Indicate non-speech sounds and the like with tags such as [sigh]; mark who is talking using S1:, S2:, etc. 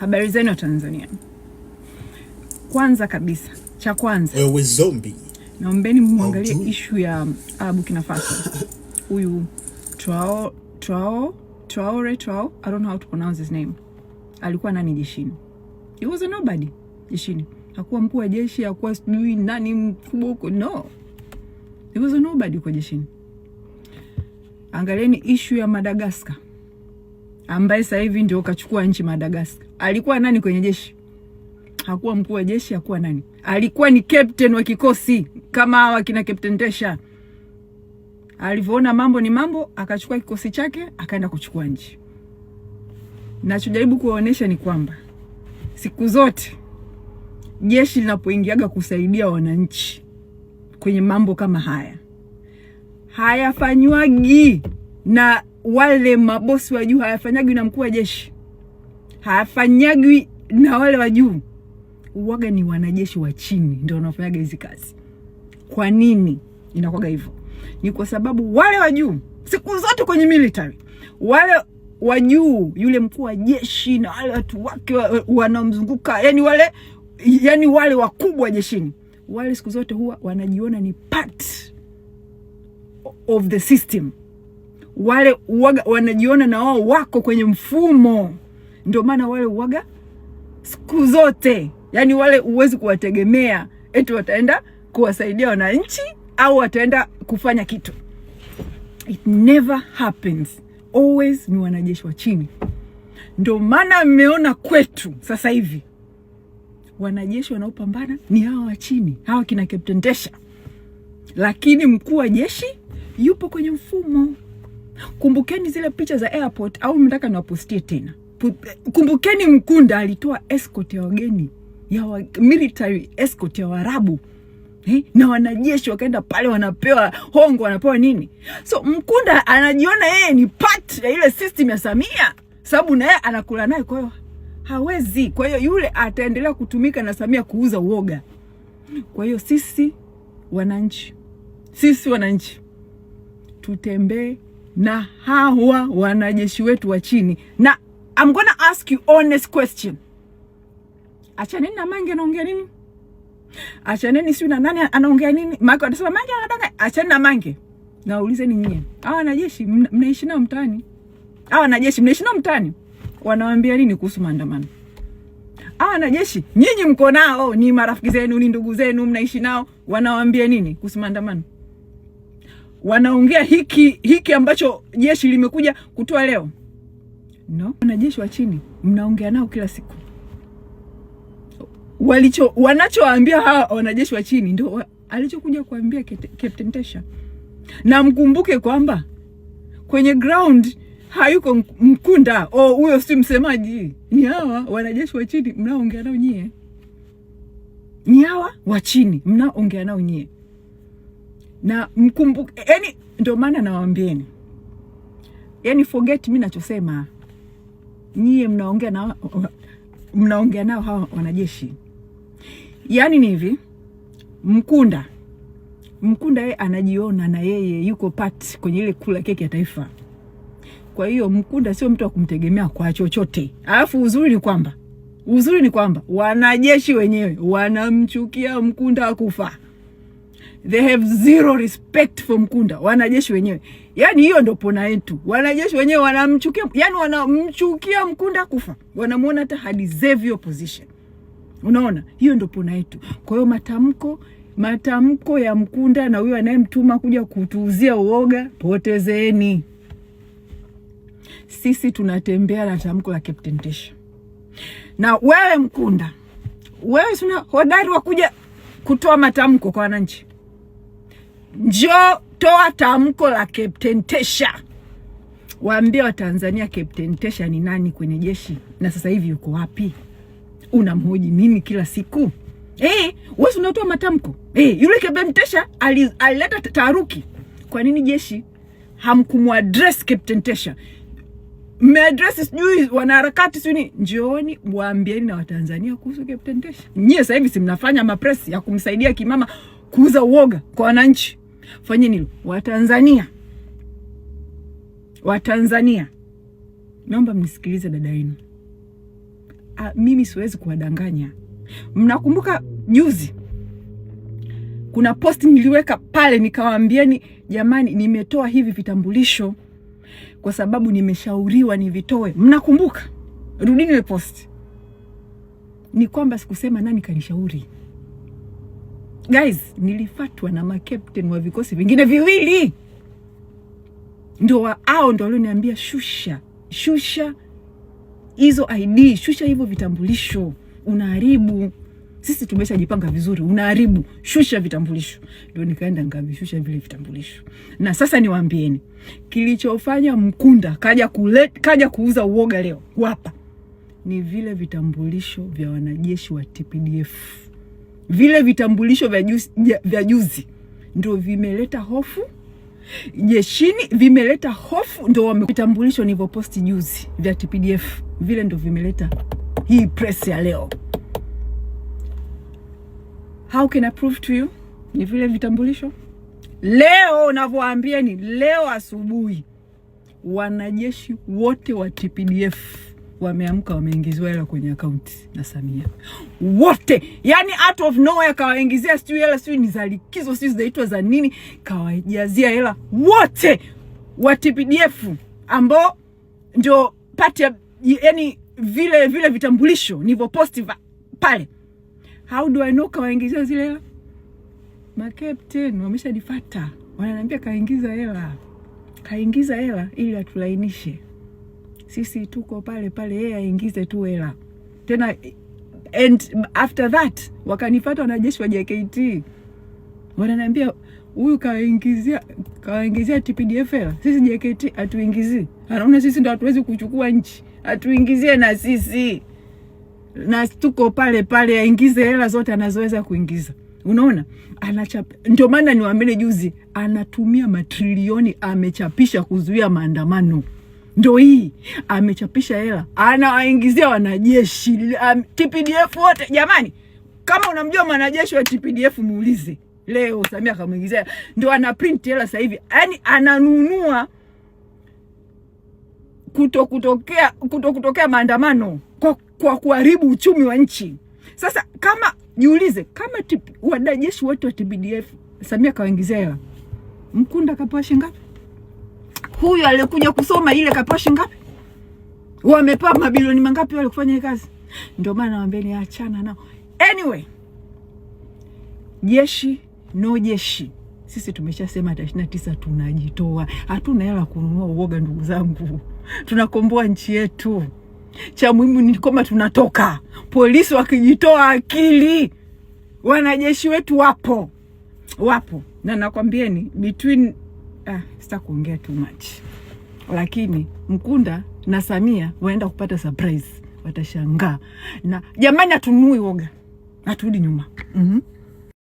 S1: Habari zenu wa Tanzania. Kwanza kabisa, cha kwanza,
S2: wewe zombie,
S1: naombeni mwangalie ishu ya uh, ah, Burkina Faso [laughs] huyu Trao Trao Traore Trao, I don't know how to pronounce his name. Alikuwa nani jeshini? He was a nobody jeshini, hakuwa mkuu wa jeshi, hakuwa sijui nani mkubwa huko, no, he was a nobody kwa jeshini. Angalieni ishu ya Madagascar ambaye sasa hivi ndio kachukua nchi Madagascar. Alikuwa nani kwenye jeshi? Hakuwa mkuu wa jeshi, hakuwa nani, alikuwa ni captain wa kikosi kama hawa kina Captain Tesha. Alivyoona mambo ni mambo, akachukua kikosi chake akaenda kuchukua nchi. Nachojaribu kuwaonesha ni kwamba siku zote jeshi linapoingiaga kusaidia wananchi kwenye mambo kama haya hayafanywagi na wale mabosi wa juu hayafanyagwi na mkuu wa jeshi, hayafanyagwi na wale wa juu. Uwaga ni wanajeshi wa chini ndio wanaofanyaga hizi kazi. Kwa nini inakuwaga hivyo? Ni kwa sababu wale wa juu siku zote kwenye military, wale wa juu, yule mkuu wa jeshi na wale watu wake wanaomzunguka, yani wale, yani wale wakubwa jeshini, wale siku zote huwa wanajiona ni part of the system wale uwaga wanajiona na wao wako kwenye mfumo, ndio maana wale uwaga siku zote, yaani wale huwezi kuwategemea eti wataenda kuwasaidia wananchi au wataenda kufanya kitu. It never happens. Always ni wanajeshi wa chini. Ndio maana mmeona kwetu sasa hivi wanajeshi wanaopambana ni hawa wa chini, hawa kina Captain Tesha, lakini mkuu wa jeshi yupo kwenye mfumo. Kumbukeni zile picha za airport, au mnataka niwapostie tena? Eh, kumbukeni Mkunda alitoa escort ya wageni ya wa, military escort ya Waarabu eh, na wanajeshi wakaenda pale, wanapewa hongo, wanapewa nini. So Mkunda anajiona yeye ni part ya ile system ya Samia, sababu naye anakula naye, kwa hiyo hawezi. Kwa hiyo yule ataendelea kutumika na Samia kuuza uoga. Kwa hiyo sisi wananchi, sisi wananchi tutembee na hawa wanajeshi wetu wa chini, na I'm gonna ask you honest question. Achaneni na Mange anaongea nini? Achaneni sio na nani anaongea nini? Mako anasema Mange anadanga. Achani na Mange, ni nyie, hawa wanajeshi mnaishi nao mtaani, hawa wanajeshi mnaishi nao mtaani, wanawaambia nini kuhusu maandamano? Hawa wanajeshi nyinyi mko nao, ni marafiki zenu, ni ndugu zenu, mnaishi nao, wanawaambia nini kuhusu maandamano? wanaongea hiki hiki ambacho jeshi limekuja kutoa leo. No, wanajeshi wa chini mnaongea nao kila siku, walicho wanachowaambia hawa wanajeshi wa chini ndio alichokuja kuambia Captain Tesha, na mkumbuke kwamba kwenye ground hayuko Mkunda o oh, huyo si msemaji, ni hawa wanajeshi wa chini mnaongea nao nyie, ni hawa wa chini mnaongea nao nyie na mkumbuke, yani ndio maana nawaambieni, yani forget mi nachosema, nyie mnaongea na mnaongea nao hawa wanajeshi. Yani ni hivi, Mkunda Mkunda yeye anajiona na yeye yuko part kwenye ile kula keki ya taifa. Kwa hiyo Mkunda sio mtu wa kumtegemea kwa chochote. Alafu uzuri ni kwamba uzuri ni kwamba wanajeshi wenyewe wanamchukia Mkunda kufa. They have zero respect for Mkunda, wanajeshi wenyewe. Yani hiyo ndo pona yetu, wanajeshi wenyewe wanamchukia, yani wanamchukia Mkunda kufa, wanamwona hata hadeserve hiyo position. Unaona, hiyo ndo pona yetu. Kwa hiyo matamko matamko ya Mkunda na huyo anayemtuma kuja kutuuzia uoga, potezeni. Sisi tunatembea na tamko la Captain Tesha. Na wewe Mkunda, wewe sina hodari wa kuja kutoa matamko kwa wananchi njo toa tamko la Captain Tesha, waambie Watanzania Captain Tesha ni nani kwenye jeshi na sasa hivi yuko wapi? Unamhoji mimi kila siku eh? Wewe unatoa matamko eh? Yule Captain Tesha alileta taharuki. Kwa nini jeshi hamkumwadress Captain Tesha? Mmeadresi sijui wanaharakati sijui, njooni waambieni na Watanzania kuhusu Captain Tesha. Nyie sasa hivi si mnafanya mapresi ya kumsaidia kimama kuuza uoga kwa wananchi. Fanyeni Watanzania, Watanzania, naomba mnisikilize dada yenu. Ah, mimi siwezi kuwadanganya. Mnakumbuka juzi kuna posti niliweka pale nikawaambieni, jamani, nimetoa hivi vitambulisho kwa sababu nimeshauriwa nivitoe. Mnakumbuka? Rudini ile posti. Ni kwamba sikusema nani kanishauri. Guys, nilifatwa na makapteni wa vikosi vingine viwili, ndio ao ndio walioniambia shusha, shusha hizo ID, shusha hivyo vitambulisho, unaharibu sisi tumeshajipanga vizuri, unaharibu, shusha vitambulisho. Ndio nikaenda nikavishusha vile vitambulisho, na sasa niwaambieni kilichofanya Mkunda kaja kule, kaja kuuza uoga leo hapa ni vile vitambulisho vya wanajeshi wa TPDF vile vitambulisho vya juzi, vya juzi ndio vimeleta hofu jeshini, vimeleta hofu ndio wame... vitambulisho nilivyoposti juzi vya TPDF vile ndio vimeleta hii press ya leo. How can I prove to you? Ni vile vitambulisho leo unavyowaambia, ni leo asubuhi wanajeshi wote wa TPDF wameamka wameingiziwa hela kwenye akaunti na Samia wote, yani out of nowhere kawaingizia sijui hela sijui ni za likizo sijui zinaitwa za nini, kawajazia hela wote wa TPDF ambao ndio pati ya yani vile vile vitambulisho nilivyoposti pale. How do I know kawaingizia zile hela? Makapten wameshanifuata wananiambia kaingiza hela, kaingiza hela ili atulainishe sisi tuko pale pale, yeye aingize tu hela tena. And after that wakanifata wanajeshi wa JKT wananiambia huyu kawaingizia kawaingizia TPDF hela, sisi JKT hatuingizie, anaona sisi ndo hatuwezi kuchukua nchi, hatuingizie na sisi na tuko pale pale, aingize hela zote anazoweza kuingiza. Unaona, anachap Ndio maana niwaamini, juzi, anatumia matrilioni amechapisha kuzuia maandamano ndo hii amechapisha hela anawaingizia wanajeshi um, TPDF wote. Jamani, kama unamjua mwanajeshi wa TPDF muulize. Leo Samia akamwingizia, ndo ana print hela sasa hivi, yaani ananunua kuto kutokea kuto kutokea maandamano kwa, kwa kuharibu uchumi wa nchi. Sasa kama jiulize, kama wanajeshi wote wa TPDF Samia kawaingizia hela, Mkunda kapewa shilingi ngapi? huyu alikuja kusoma ile kapewa shilingi ngapi? Wamepewa mabilioni mangapi wale kufanya kazi? Ndio maana nawaambieni achana nao. Anyway, jeshi no jeshi, sisi tumeshasema tarehe ishirini na tisa tunajitoa. Hatuna hela kununua uoga, ndugu zangu, tunakomboa nchi yetu. Cha muhimu ni kwamba tunatoka. Polisi wakijitoa akili, wanajeshi wetu wapo, wapo na nakwambieni between ah, sita kuongea too much, lakini Mkunda na Samia waenda kupata surprise, watashangaa. Na jamani, hatunui woga, haturudi nyuma. mm -hmm.